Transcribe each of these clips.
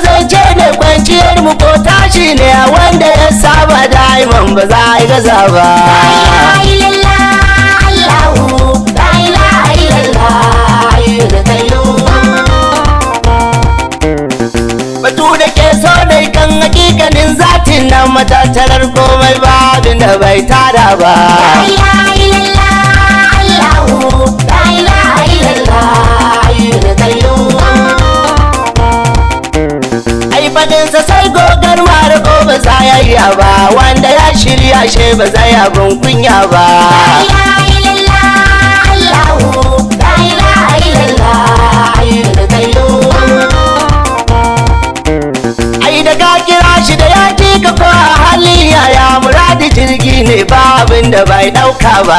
zance da kwanciyar mu ko tashi ne a wanda ya saba da'iman ba za a yi gaza ba batu da ke so dai kan hakikanin zatin nan matattarar komai ba da bai tada ba faɗinsa sai gogar mara ko ba za ya yi ba wanda ya shirya she ba ya abin kunya ba ai da ka kira shi da ya ka ko a halin yaya muradi jirgi ne ba abin da bai ɗauka ba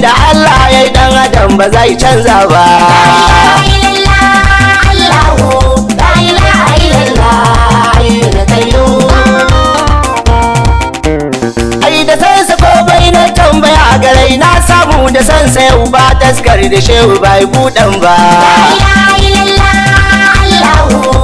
da Allah ya yi dan adam ba zai canza ba ai da san sa komai na tambaya garai na samu da san sai uba da shehu bai budan ba la ilaha illallah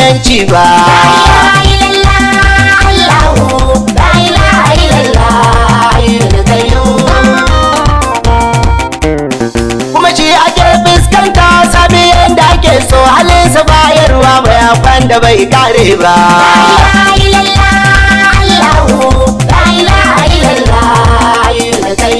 ilanci ba kuma shi ake fuskanta sabi yadda ake so halinsa bayarwa mai da bai kare ba Allahu, la ilaha illallah, la ilaha illallah,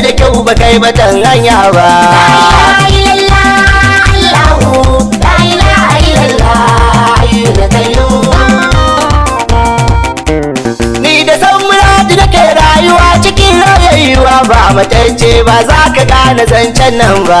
abu da kyau ba kai batan hanya ba Ni da san muradi nake rayuwa cikin rayuwa ba matacce ba za ka gane zancen nan ba.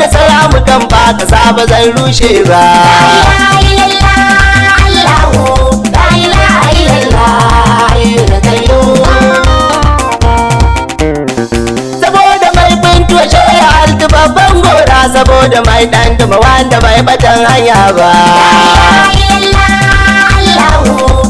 da tsara mu kan ba ka saba zan rushe ba saboda mai bintuwa shaya alti babban gora saboda mai dan wanda bai batan hanya ba Allah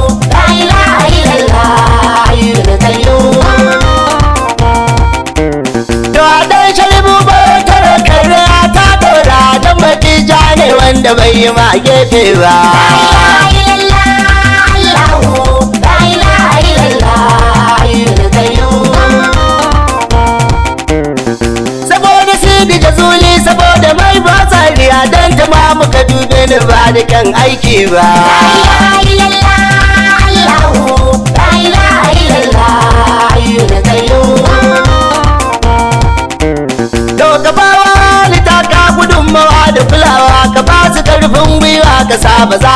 wanda bai yi ma gefe ba saboda sidi da zuli saboda mai ba tsariya don ta ma muka dube ni ba da kyan aiki ba